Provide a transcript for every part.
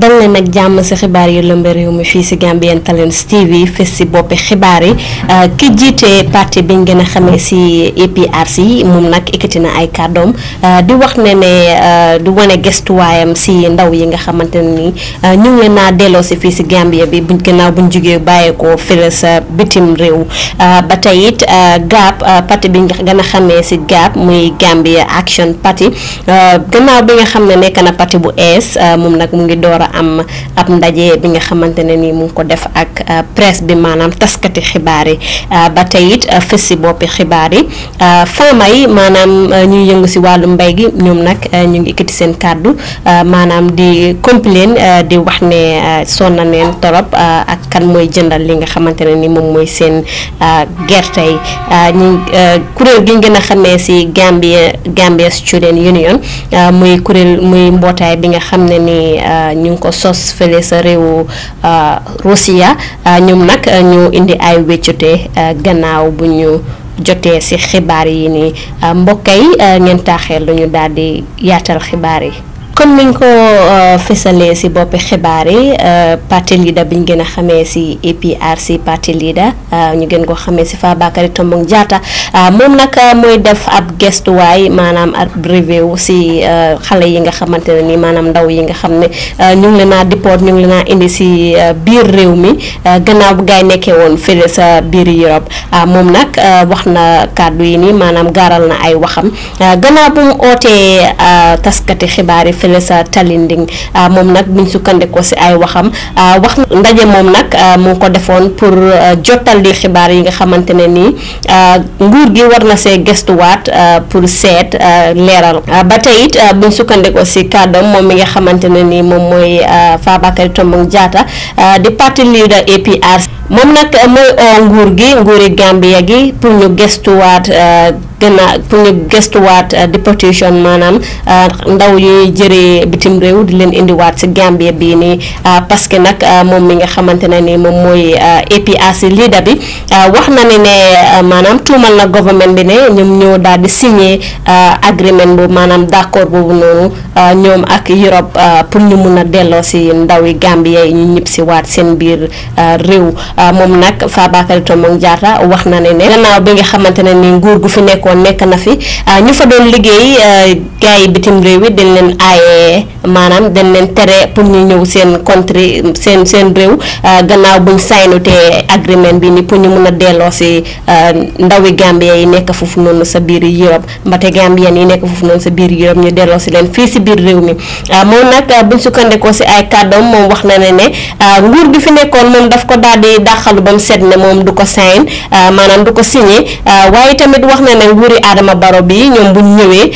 dal leen nag jàmm si xibaar yi lëmbe réew mi fii si Gambian Talents TV fes si boppi xibaar yi euh, ki jiite parti biñ gën a xamee si APRC moom nag ekkati na ay kàddoom euh, di wax ne ne euh, du wane gestuwaayam si ndaw yi nga xamante ne ni ñu ngi naa delloo si fii si Gambia bi buñ gannaaw buñ jógee bàyyeekoo fële sa bitim réew ba tey it GAP parti biñ gën a xamee si GAP muy Gambia Action Party gannaaw bi nga xam ne nekk na parti bu ees moom nag mu ngi door am ab ndaje bi nga xamantene ni mu ko def ak euh, presse bi manam taskati xibaar yi euh, ba tayit euh, fessi bopi si boppi xibaar yi yëngu ci walu mbay gi ñom nak ñu ngi ikiti seen manam di complain di wax ne sonna neen torop ak kan moy jëndal li nga xamantene ni mom moy seen gerte yi ñu gi xamé ci Gambia Gambia Student Union muy kurel muy mbotay bi nga xamné ni ñu ko sos fële sa réewu euh, Russia euh, ñoom nag ñu indi ay wéccute euh, gannaaw bu ñu jotee ci xibaar yi ni mbokk yi ngeen taaxee lu ñu daal di yaatal xibaar yi. kon niñ ko euh, fësalee si boppi xibaari euh, parti leader biñ gën a xamee si APRC parti leader euh, ñu gën ko xamee si bakari Tombong Jata, moom nag mooy def ab gestuwaay maanaam ab review si xale yi nga xamante ne ni maanaam ndaw yi nga xam ne ñu ngi leen a ñu ngi leen a indi si biir réew mi gannaaw bu gaay nekkee woon fële sa biir Europe moom nag wax na yi ni maanaam gaaral na ay waxam gannaaw bu mu ootee taskati xibaari Felesa Talinding ah, moom nag buñ sukkandikoo si ay waxam ah, wax ndaje moom nag ah, mu ko defoon pour jotal di xibaar yi nga xamante ne nii nguur gi war na see gëstuwaat pour seet leeral ba tey it buñ sukkandikoo si kàddoom moom mi nga xamante ne nii moom mooy Fabakary Tombong Jatta di parti leader APRC moom nag mooy oo nguur gi nguuri Gambia gi pour ñu gëstuwaat gën a pour ñu gëstuwaat déportation maanaam ndaw yi jëlee bitim réew di leen indiwaat si Gambie bii nii ah, parce que nag ah, moom mi nga xamante na ni moom mooy APRC ah, leader bi wax na ne ne maanaam tuumal na government bi ne ñoom ñoo daal di signé agreement boobu maanaam d'accord boobu noonu ñoom ak Europe pour ñu mun a delloo si ndaw yi Gambie yi ñu ñëpp si waat seen biir réew moom nag Fabakary Tombong Jatta wax na ne ne gannaaw bi nga xamante na ni nguur gu fi nekkoon nekk na fi ñu fa doon liggéey gars yi bitim waye manam dañ leen téré pour ñu ñëw seen country seen seen réew euh, gannaaw buñ agreement bi ni pour ñu mëna délo ci euh, ndawi Gambia yi nekk fofu non sa biir Europe mbate gambie yi nekk fofu non sa biir Europe ñu délo ci leen fi si biir réew mi euh, mo nak buñ ko ci ay cadeau mom wax na ne ne nguur bi fi nekkon mom daf ko daal di dàqalu set ne mom du manam sign signé waye tamit wax na né nguuri Adama Baro bi ñom buñ ñëwé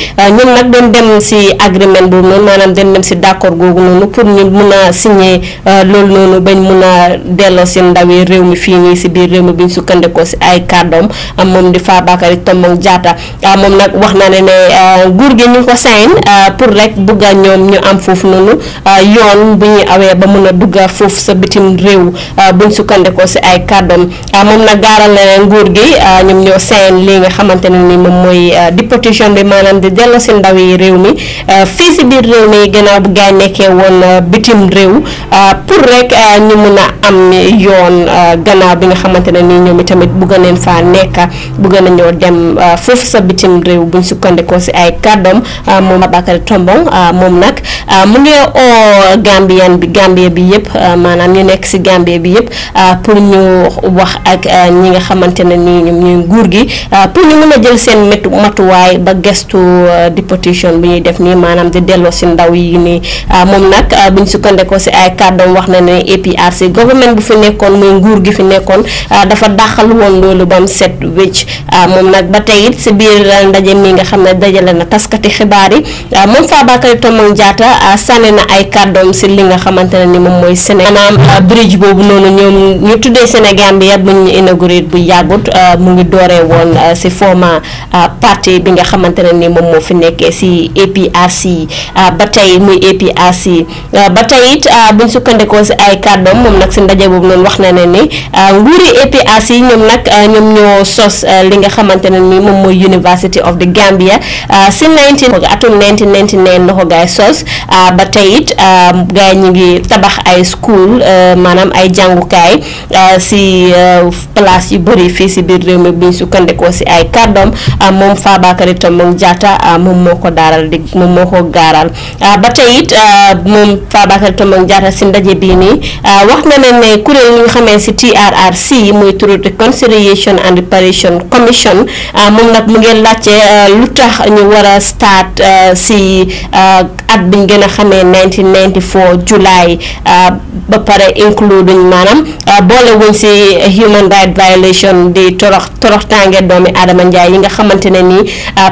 nak doon dem si agreement bu non manam den dem ci d'accord gogou non pour ñu mëna signé euh, lool non bañ mëna délo ci ndawi réew mi fi ni ci biir réew mi buñ sukkande ko ci ay cardom am mom di fa tam tomam jaata ah, mom nak wax na ne ne euh, nguur gi ñu ko sayn euh, pour rek bugga ñom ñu am fofu non yoon bu ñi awé ba mëna dugga fofu sa bitim réew buñ sukkande ko ci ay cardom am ah, nag gaaral na ne nguur gi ñom ñoo sayn li nga xamanteni ni mom moy deportation bi manam di délo ci ndawi réew mi fi ci réew mi gannaaw bu gaay nekkee woon euh, bitim réew euh, pour rek euh, ñu mun a am yoon gannaaw bi nga xamante ne nii ñoom itamit bugg neen faa nekk bugg nañoo dem sa bitim réew buñ sukkandikoo si ay kàddoom moom Bakary Tombong moom nag mu ngi oo Gambien bi Gambie bi yëpp maanaam ñu nekk si Gambie bi yëpp pour ñu wax ak ñi nga xamante ne nii ñoom nguur gi pour ñu mun a jël seen matu matuwaay ba gestu déportation bi ñuy def nii maanaam di delloo si ndaw yi nii ah, moom nag ah, bu ñu sukkandekoo si ay kàddoom wax na ne APRC gouvernement bu fi nekkoon muy nguur gi fi nekkoon ah, dafa dàqal woon loolu ba mu set wécc moom nag ba tey it si biir ndaje mi nga xam ne dajale na taskati xibaar yi moom Fabakary Tombong Jatta sànni na ay kàddoom si li nga xamante ne ni moom mooy Sénégal maanaam bridge boobu noonu ñoom ñu tuddee Sénégambia bu ñu inauguré bu yàggut mu ngi dooree woon si format parti bi nga xamante ne ni moom moo fi nekkee si APRC Uh, ba muy APRC uh, ba tey uh, it buñ sukkandikoo si ay kàddoom mom nak ci ndaje bobu non wax na ne ni nguri APRC ñom nak ñom ñoo sos li nga xamantene ni mom moy University of the Gambia ci 19 atum 1999 noko gay sos ba tey it um, gaay ngi tabax ay school manam ay jangukay si place yu bari fi si bir rew mi buñ ko ci ay kàddoom moom Fabakary Tombong Jatta moom moo ko daaral di moom moo ko Euh, ba tey it euh, moom Fabakary Tombong Jatta si ndaje bii nii euh, wax na leen ne kuréel ñi nga xamee si TRRC muy turu Reconciliation and Reparation Commission moom nag mu ngeen laajte lu tax ñu war a start si at bi ñu gën a xamee 1994 July ba pare include duñ maanaam boole wuñ si human right violation di torox torox tànge doomi Adama Ndiaye yi nga xamante ne nii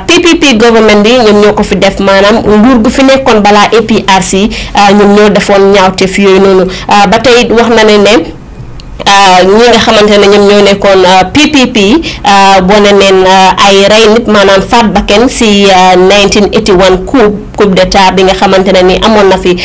PPP government bi ñoom ñoo ko fi def maanaam nguur gu fi kon balaa APRC euh, ñoom ñoo defoon ñaawteef yooyu noonu euh, ba tey wax na ne ne Ah, ñi nga xamante ne ñoom ñoo nekkoon ah, PPP ah, bone neen ay rey nit maanaam faat bakken si 1981 coup de d'état bi nga xamante ne ni amoon na fi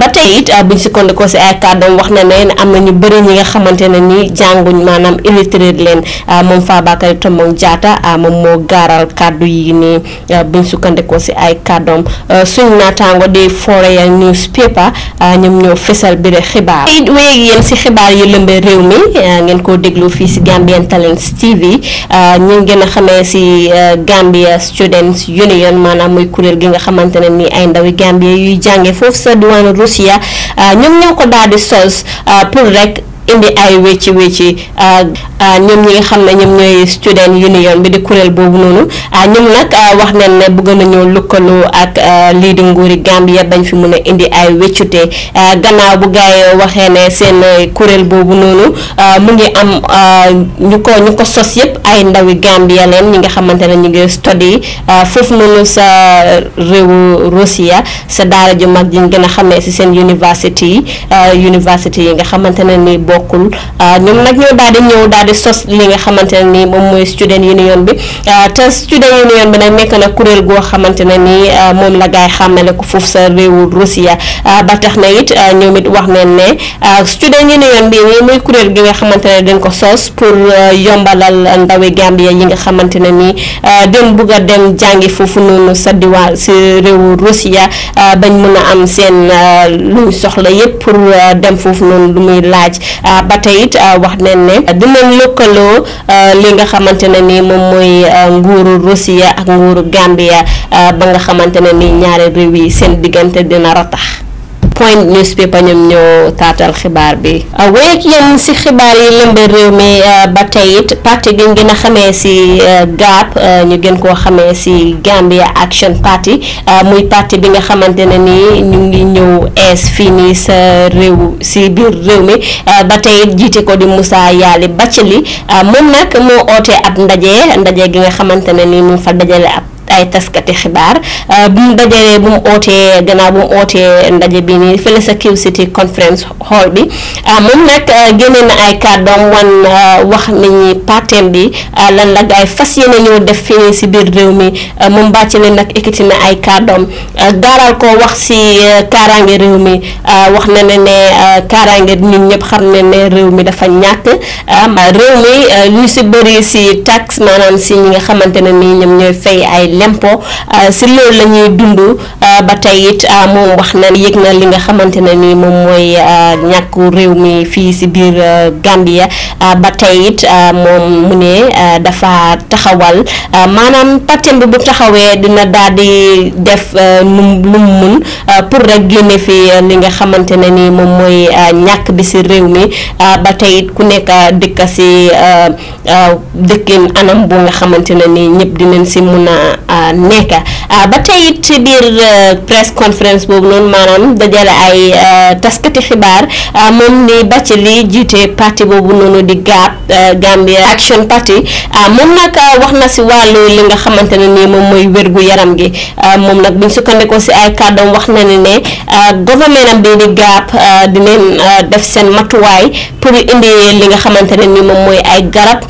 ba tey it buñ sukkandikoo si ay kàddoom wax na ne am na ñu bëri ñi nga xamante ne ni jànguñ maanaam illettré leen moom Fabakary Tombong Jatta moom moo gaaral kàddu yi nii buñ si ay kàddoom suñ naataango di Foreign Newspaper ñoom ñoo fesal bi xibaar it wéyeg yéen xibaar yu lëmbee réew mi euh, ngeen koo déglu fii si Gambian Talents TV euh, ñu ngi gën a xamee si euh, Gambia Students Union maanaam muy kuréel gi nga xamante ne nii ay ndawi Gambia yuy jànge foofu sa diwaanu Russia ñoom ñoo ko daal di sos pour rek. indi ay wecci wecci ah, ah, ñoom ñi nga xam ne ñoom ñooy student union bi di kuréel boobu noonu ah, ñoom nag wax nañ ne bëgg nañoo lëkkaloo ak lii di nguuri Gambia bañ fi mun a indi ay weccute gannaaw bu gars yi waxee ne seen kuréel boobu noonu mu ngi am ñu ko ñu ko sos yëpp ay ndawi Gambia leen ñi nga xamante ne ñu ngi study foofu noonu sa réewu Russia sa daara ju mag ji ñu gën a xamee si seen université yi université yi nga xamante ni bokkul ah, ñoom nag ñoo daal di ñëw daal di sos li nga xamante ne nii moom mooy student union bi ah, te student union bi nag nekk na kuréel goo xamante ne ni ah, moom la gaay xàmmale ko foofu sa réewul Russia ba tax na it wax nañ ne student union bi nii kuréel gi nga xamante ne dañ ko sos pour yombalal ndawi Gambia yi nga xamante ne nii dem bugg a dem jàngi foofu noonu sa diwaan si réewu Russia bañ mën a am seen luñ soxla yépp pour dem foofu noonu lu muy laaj Euh, ba tey it euh, wax nañ ne dinañ lëkkaloo euh, li nga xamante ne ni moom mooy nguuru Russie ak nguuru Gambia ba nga xamante na ni ñaari réew yi seen diggante dina ratax. point newspaper ñoom ñoo taatal xibaar bi ah, wéyeg yéen si xibaar yi lëmba réew mi ah, ba tey it parti bi ngeen a xamee si ah, GAP ñu gën koo xamee si Gambia Action Party muy parti bi nga xamante ne nii ñu ngi ñëw ees fii nii sa réew si biir réew mi ba tey jiite ko di Moussa bacc Bachili moom nag moo oote ab ndaje ndaje gi nga xamante ne nii mu fa dajale ab ay taskati xibaar euh, bu mu dajalee bu mu ootee gannaaw bu mu ootee ndaje bi nii fële sa Q City conference hall bi euh, moom nag euh, génne na ay kàddoom wan wax nañu parteem bi lan la gaay fas yéene ñoo def fii si biir réew mi moom Bachelet nag ekkiti na ay kàddoom gaaral ko wax si kaaraange réew mi na ne ne kaaraange ñun ñëpp xam ne ne réew mi dafa ñàkk réew mi ñu si bëri si tax maanaam si ñi nga xamante ne nii ñoom ñooy fay ay lempo euh, si loolu la ñuy euh, ba tey it euh, moom wax na yëg na li nga xamante ne nii moom mooy ñàkku réew mi fii si biir Gambia ba tey it dafa taxawal maanaam partem bi bu dina daal di def num lu fi li nga xamante ne ni moom mooy ñàkk bi si réew mi ba tey ku nekk dëkk si dëkkin anam bu nga xamante ne nii ñëpp dinañ si mun a Euh, nekk euh, ba tey it ci biir euh, press conference boobu noonu maanaam dajale ay taskati xibaar moom ni Bathily jiite parti boobu noonu di GAP Gambia Action Party moom nag wax na si wàllu li nga xamante ne moom mooy wérgu yaram gi moom nag buñ sukkandikoo si ay kàddoom wax na ne ne gouvernement am bii di GAP dinañ def seen matuwaay pour indi li nga xamante ne nii moom mooy ay garab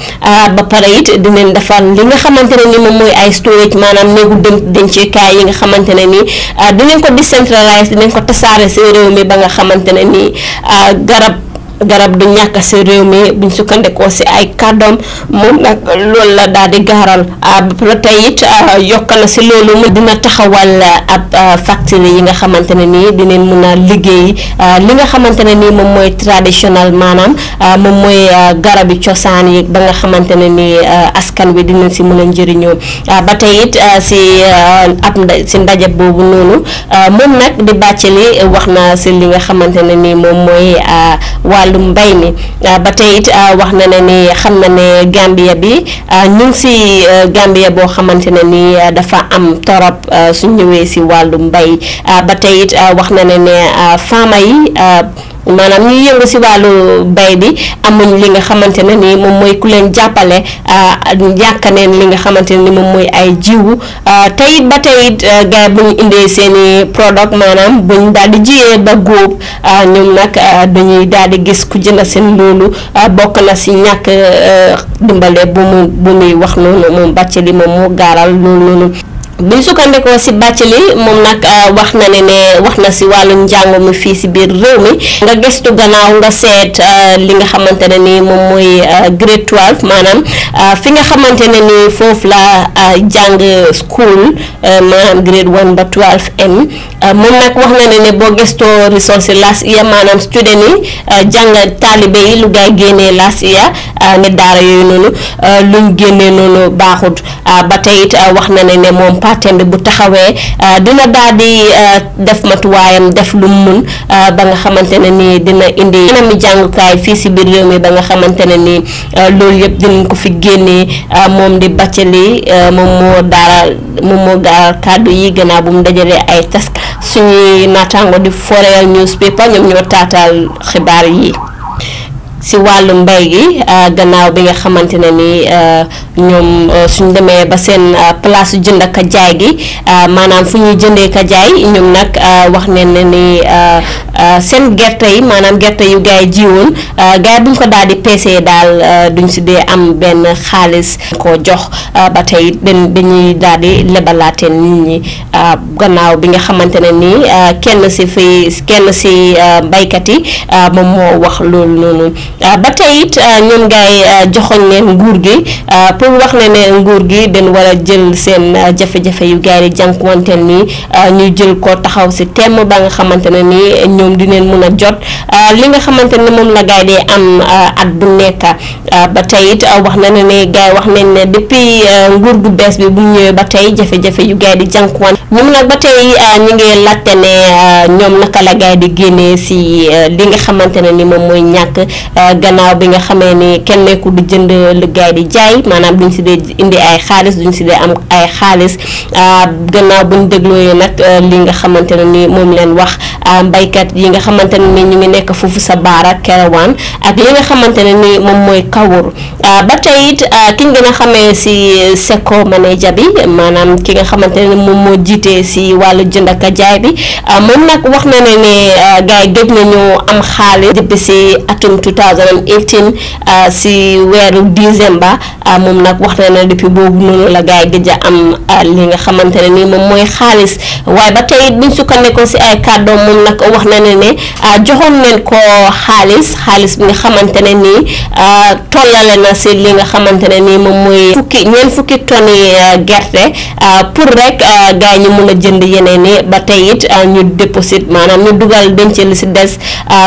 ba pare it dinañ defar li nga xamante ne nii moom mooy ay storage maanaam néegu dën denceekaay yi nga xamante ne nii ah, dinañ ko décentraliser dinañ ko tasaare si réew ba nga xamante ne nii ah, garab. garab du ñàkk si réew mi buñ sukkandikoo si ay kàddoom moom nag loolu la daal di gaaral ah, ba tey it ah, yokk na si loolu mu dina taxawal ab ah, factory yi nga xamante ne nii dinañ mun a liggéey li nga xamante ne nii moom mooy traditionnel maanaam moom mooy garabi cosaan yi ba nga xamante ne nii askan wi dina si mun a njëriñoo ba tey it si ab si ndaje boobu noonu moom nag di bàccali wax na si li nga xamante ne nii moom mooy waa wàllum mbay ah, ba tey ah, wax na ne ni xam na ne Gambia bi ah, ñu ngi si Gambia boo xamante na ni dafa am torop su ñëwee si wàllum mbay ba tey wax na ne ne faama yi. maanaam ñuy yëngu si wàllu bay bi amuñ li nga xamante ne ni moom mooy ku leen jàppale ah, yàkkaneen li nga xamante ne ni moom mooy ay jiwu ah, te it ba tey it ah, gars indee seeni i produit maanaam buñ daal di jiyee ba góob ñoom nag dañuy daal di gis ku jënd seen loolu bokk na si ñàkk dimbale bu mu bu muy wax noonu moom bàcc li moom moo gaaral loolu noonu buñ sukkandikoo si Bathily moom nag euh, wax na ne ne wax na si wàllum njàng mi fii si biir réew mi nga gëstu gannaaw nga seet euh, li nga xamante ne ni moom mooy euh, grade maanaam fi nga xamante ne ni foofu la jàng school maanaam grade 1 ba 12 moom nag wax na ne ne boo gëstoo resource last year maanaam student yi jàng taalibe yi lu ngay génnee last year ne daara yooyu noonu luñ génnee noonu baaxut ba tey wax na ne ne moom. partem bi bu taxawee euh, dina daal di euh, def matuwaayam def lu mun euh, ba nga xamante ne nii dina indi anami jàngukaay fii si biir réew mi ba nga xamante ne nii loolu yëpp dinañ ko fi génne moom di Bathily moom moo daara moom moo gaar kàddu yi gannaaw bu mu dajalee ay tas suñuy naataango di Foroyaa newspaper ñoom ñoo taatal xibaar yi si wàllu mbay gi euh, gannaaw bi nga xamante na ni euh, ñoom euh, suñ demee ba seen place jënd ak jaay gi maanaam fu ñuy jëndee ka jaay ñoom nag wax ne na ni seen gerte yi maanaam gerte yu gaay yi jiwoon gaay buñ ko daal di peesee daal duñ si dee am benn xaalis koo jox ba tey dañuy daal di lebalaatee nit ñi gannaaw bi nga xamante ne ni kenn si fi kenn si baykat yi moom moo wax loolu noonu. Euh, ba tey it euh, ñoom gars yi euh, leen nguur gi pour wax ne ne nguur gi dañ war a jël seen jafe-jafe yu gars yi jànkuwanteel nii ñu jël ko taxaw si temm ba nga xamante ne nii ñoom dineen mun a li nga xamante ne moom la gars yi di at bu nekk ba tey it wax na ne wax nañ ne depuis nguur gu bees bi bu mu ñëwee yu gars yi di jànkuwante ñoom nag ba tey ñu ngi laajte ne ñoom naka la gaa yi di génnee si li nga xamante ne ni moom mooy ñàkk. Euh, gannaaw bi nga xamee ni kenn nekkul di jënd lu gaay di jaay maanaam duñ si dee indi ay xaalis duñ si dee am ay xaalis euh, gannaaw buñ déglooyee nag euh, li nga xamante ne ni moom leen wax mbaykat yi nga xamante ne ni ñu ngi nekk foofu sa baara kerawaan ak li nga xamante ne ni moom mooy kawur ba tey it ki nga gën a xamee si Seko manager bi maanaam ki nga xamante ne ni moom moo jiitee si wàllu jënd ak jaay bi moom nag wax na ne ne gaay gëj nañu am xaalis depuis si atum tuta 2018 uh, si weeru décembre uh, moom nag wax na ne depuis boobu noonu la gars yi gëj a am uh, li nga xamante ne nii moom mooy xaalis waaye ba tey it buñ sukkandikoo si ay kàddoom moom nag wax na ne ne joxoon leen ko xaalis xaalis bi nga xamante ne nii tollale na si li nga xamante ne nii moom mooy fukki ñeent fukki tonni gerte pour rek gaa yi ñu mun a jënd yeneen yi ba tey it ñu déposit maanaam ñu dugal denc li si des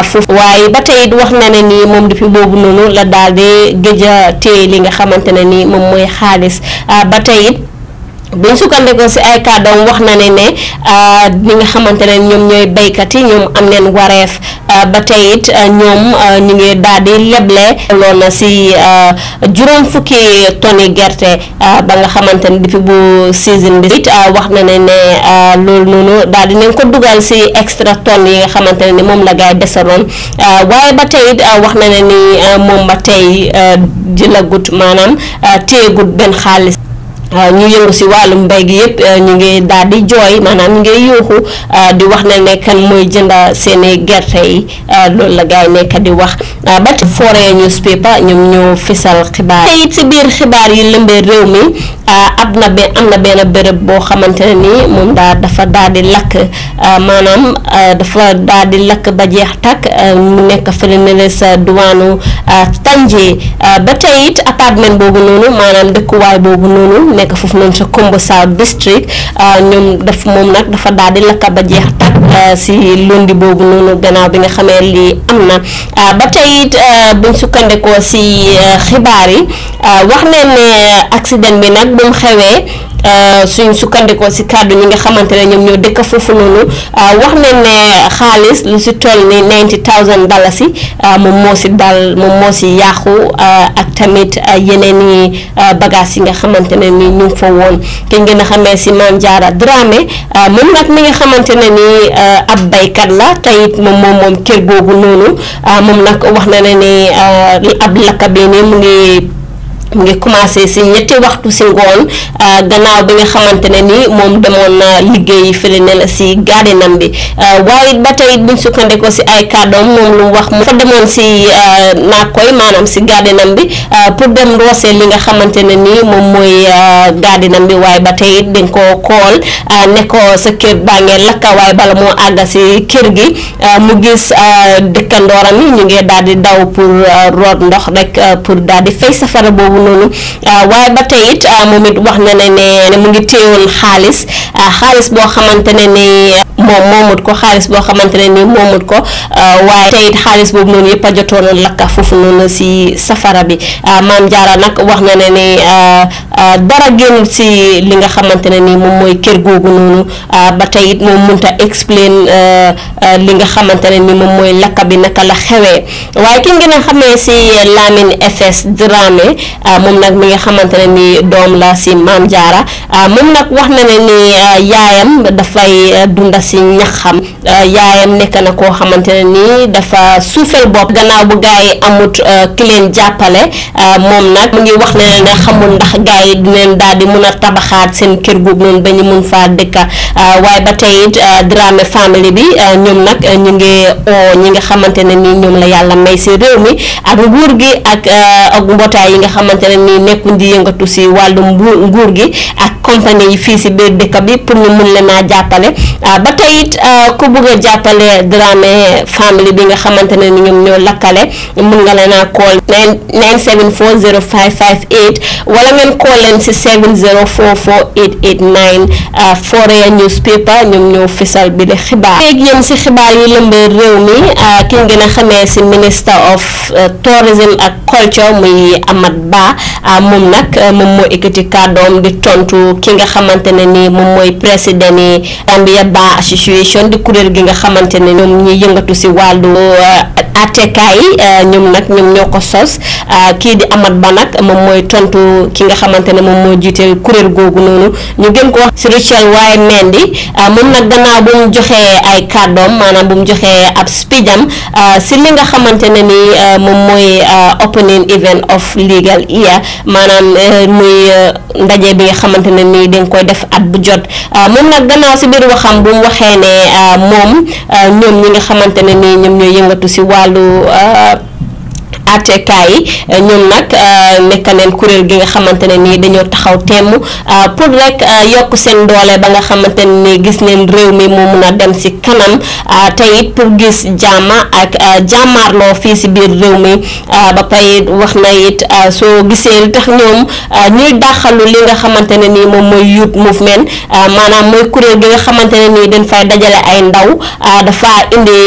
foofu waaye ba tey wax na ne nii moom depuis boobu noonu la daal di gëj téye li nga xamante ne ni moom mooy xaalis ah, ba tey buñ sukkandikoo si ay kàddoom wax na ne ne euh, ñi nga xamante ne ñoom ñooy béykat yi ñoom am neen wareef euh, ba tey it euh, ñoom ñu ngi daal di leble lool na si juróom fukki toni gerte ba nga xamante ne depuis bu saison bi it wax na ne ne loolu noonu daal di nañ ko dugal si extra tonnes yi nga xamante ne ni moom la gaay desaroon waaye ba tey it wax na ne ni moom ba tey jëlagut maanaam téyegut benn xaalis. ñu yëngu si wàllum mbéy gi yëpp euh, ñu ngi daal di jooy maanaam ñu ngi yuuxu euh, di wax na ne kan mooy jënd seeni gerte yi euh, loolu la gars yi nekk di wax ba ci foree newspaper ñoom ñoo fisal xibaar te it si biir xibaar na be bërëb boo xamante ne nii moom daa dafa daal di lakk maanaam dafa daal di lakk ba jeex takk mu nekk fële ne sa duwaanu Tanje ba tey it appartement boobu noonu maanaam dëkkuwaay boobu noonu. nekk foofu noonu sa Kombo South district euh, ñoom daf moom nag dafa daal di lakka ba jeex tàkk euh, si lundi boobu noonu gannaaw bi nga xamee lii am na euh, ba tey it buñ sukkandikoo si xibaar yi wax ne ne accident bi nag bu mu xewee Euh, suñ sukkandikoo si kàddu ñi nga xamante ne ñoom ñoo dëkk foofu noonu euh, wax nañ ne xaalis lu si toll ni ninety thousand si euh, moom moo si dal moom moo si yàqu ak tamit yeneen bagages yi nga xamante ne ni ñu a xamee si maam jaara Dramé moom nag mi nga xamante ne ni ab baykat la teyit moom moom moom kër googu noonu moom nag wax na ne ni ab lakka bi ni mu ngi mu ngi commencé si ñetti waxtu si ngoon euh, gannaaw bi nga xamante ne ni moom demoon liggéey fële ne la si gardinam bi euh, waaye it ba tey si ay kàddoom lu wax mu fa demoon si euh, naakoy maanaam si gardinam bi pour dem roosee nga xamante ne ni moom mooy gardinam bi waaye ba tey it dañ koo kool ne ko sa kër baa ngee lakka waaye bala moo àgga si kër gi mu gis dëkkandooram yi ñu ngi daal daw pour root ndox rek pour daal di fay safara boobu boobu noonu ah, waaye ba tey it ah, moom it wax na ne ne mu ngi téyewoon xaalis ah, xaalis boo xamante ne ni moom ko xaalis boo xamante ne ni moomut ko waaye xaalis boobu noonu yëpp a jotoon lakka foofu noonu si safara bi maam jaara nag wax na ne ne dara génn li nga xamante ne ni moom mooy kër googu ba tey it moom mënta explain li nga xamante ne ni moom mooy lakka bi naka la xewee waaye ki ngeen a xamee si Lamin FS Ah, moom nag mi nga xamante ne ni doom la si maam jaara ah, moom nag wax na ne ni ah, yaayam dafay dunda si ñaxam yaayam nekk na koo xamante ne ni dafa suufel bopp gannaaw bu gars yi amut ki leen jàppale moom nag mu ngi wax ne ne xamul ndax gars yi dinañ daal di mun a tabaxaat seen kër googu noonu ba ñu mun faa dëkka waaye ba tey it Dramé family bi ñoom nag ñu ngi oo ñi nga xamante ne ni ñoom la yàlla may si réew mi ak nguur gi ak mbootaay yi nga xamante xamante ne nii nekkuñ di yëngatu si wàllum nguur gi ak compagnie yi fii si biir dëkk bi pour ñu mun leen a jàppale ah, ba tey it ah, ku bëgg jàppale Dramé family bi nga xamante ne ni ñoom ñoo lakkale mun nga leen a call 9740558 wala ngeen call leen si 7044889 ah, Foroyaa newspaper ñoom ñoo fisal bi di xibaar si xibaar yi lëmbee réew mi ki gën a xamee si minister of tourism ak culture muy Amat Ba moom nag moom moo ekkati kàddoom di tontu ki nga xamantene ni mom moy president ni Gambia ba Association di kuréel gi nga xamantene ñom ñi yëngatu ci walu uh, atekay uh, ñom nak ñom ñoko sos uh, ki di amad ba nak mom moy tontu ki nga xamantene mom mo moo jiiteel gogu nonu ñu gën ko wax ci Richel Waye Mendi mom nak gannaaw bu mu joxee ay kàddoom manam bu mu joxee ab speedam ci li nga xamantene ni mom moy opening event of legal year manam muy ndaje bi nga xamantene ni di nga koy def at bu jot ah, moom nag gannaaw si biir waxam bu mu waxee ne ah, moom ah, ñoom ñi nga xamante ne ni ñoom ñooy yëngatu si wàllu àtteekaay yi ñoom nag euh, nekk neen kuréel gi nga xamante ne nii dañoo taxaw temm euh, pour rek euh, yokk seen doole ba nga xamante ne nii gis neen réew mi mu mun a dem si kanam te it pour gis jàmm ak jàmmaarloo fii si biir réew mi ba pay wax na it soo gisee li tax ñoom ñuy dàqalu li nga xamante ne nii moom mooy youth movement maanaam mooy kuréel gi nga xamante ne nii dañ fay dajale ay ndaw dafa indi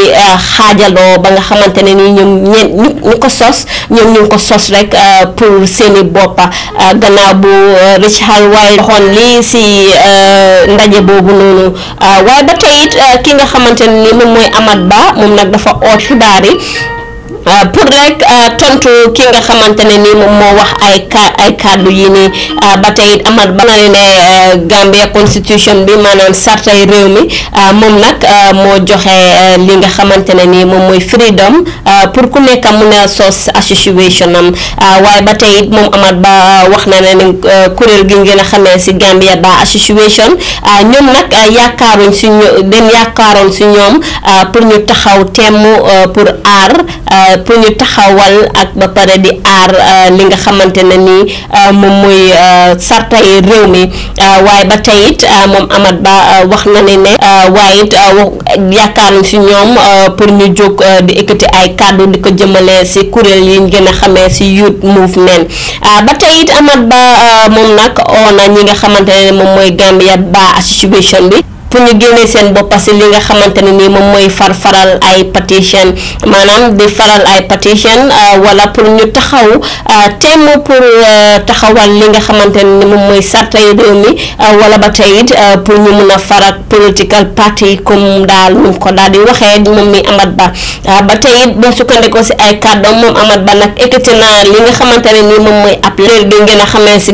xaajaloo ba nga xamante nii ñoom ñeen ñu ko sol sos ñoom ñu ngi ko sos rek euh, pour seeni boppa euh, gannaaw bu euh, Rich Halway waxoon lii si ndaje boobu noonu waaye ba tey it ki nga xamante ni moom mooy Amat Ba moom nag dafa oot xibaar yi Euh, pour rek euh, tontu ki nga xamante ne nii moom moo wax ay ka ay kàddu yi nii euh, ba tey amal ba na ne Gambia constitution bi maanaam sartay réew mi moom nag moo joxe li nga xamante ne nii moom mooy freedom pour ku nekk mun a sos association am waaye ba tey moom amal ba wax na ne kuréel gi ngeen a xamee si Gambia Bar Association ñoom nag yaakaaruñ si yaakaaroon si ñoom pour ñu taxaw temm pour aar. Euh, pour ñu taxawal ak ba pare di aar euh, li nga xamante ne nii euh, moom mooy sartay réew mi waaye ba tey it moom Amat Ba wax na ne ne waaye it yaakaaruñ si ñoom pour ñu jóg di ekkati ay kàddu di ko jëmale si kuréel yi ñu gën a xamee si youth movement ba tey it Amat Ba moom nag oo ñi nga xamante ne moom mooy Gambia Bar Association bi. pour ñu génnee seen bopp parce que li nga xamante ne nii moom mooy far faral ay pétition maanaam di faral ay pétition euh, wala pour ñu taxaw euh, temm pour euh, taxawal li nga xamante ne moom mooy sartay réew mi a faral political moom mi Amat Bah ba tey it nii moom mooy appel gi ngeen a xamee si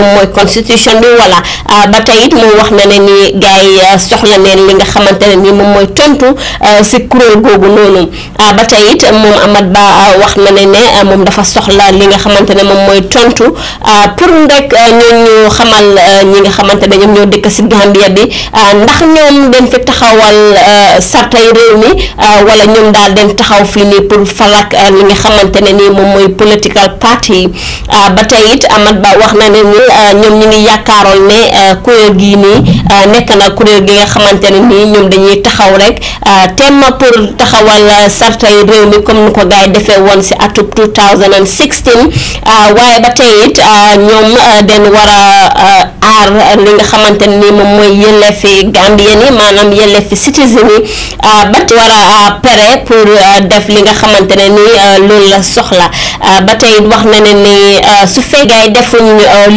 moom mooy constitution bi wala euh, ba tey it moom wax na ne ni gars yi euh, soxla neen li nga xamante ne ni moom mooy tontu euh, si kuréel googu noonu ba tey it moom Amat Ba wax na ne ne moom dafa soxla li nga xamante ne moom mooy tontu pour rek ñoo ñu xamal ñi nga xamante ne ñoom ñoo dëkk si Gambia bi ndax ñoom dañ fi taxawal sartay réew mi wala ñoom daal dañ taxaw fii nii pour falak li nga xamante ne ni moom mooy political party ba tey it Amat Ba wax na ne ni Euh, ñoom ñu ngi yaakaaroon ne euh, kuréel gii nii euh, nekk na kuréel gi nga xamante ne nii ñoom dañuy taxaw rek temm pour taxawal sartay réew mi comme ni ko gars yi defee woon si atub 2016 waaye ba tey it ñoom den war a aar li nga xamante ne nii moom mooy yelleefi Gambien yi maanaam yelleefi citizen yi ba war a pere pour def li nga xamante ne nii loolu la soxla ba tey it wax na ne ni su fekkee defuñ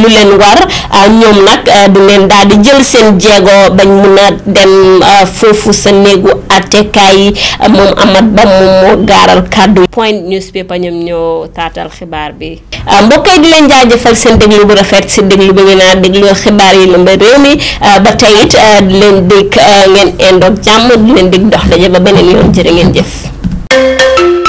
lu leen leen war euh, ñoom nag euh, dinañ daal di jël seen jéego bañ mun a dem euh, foofu sa néegu àttekaay yi moom Amat Ba moom moo gaaral kàddu Point Newspaper ñoom ñoo taatal xibaar bi. mbokk yi di leen jaajëfal seen déglu bu rafet si déglu bi ngeen a déglu xibaar yi lëmba réew mi ba tey it di leen dégg ngeen indoog jàmm di leen dégg dox daje ba beneen yoon jërë ngeen jëf.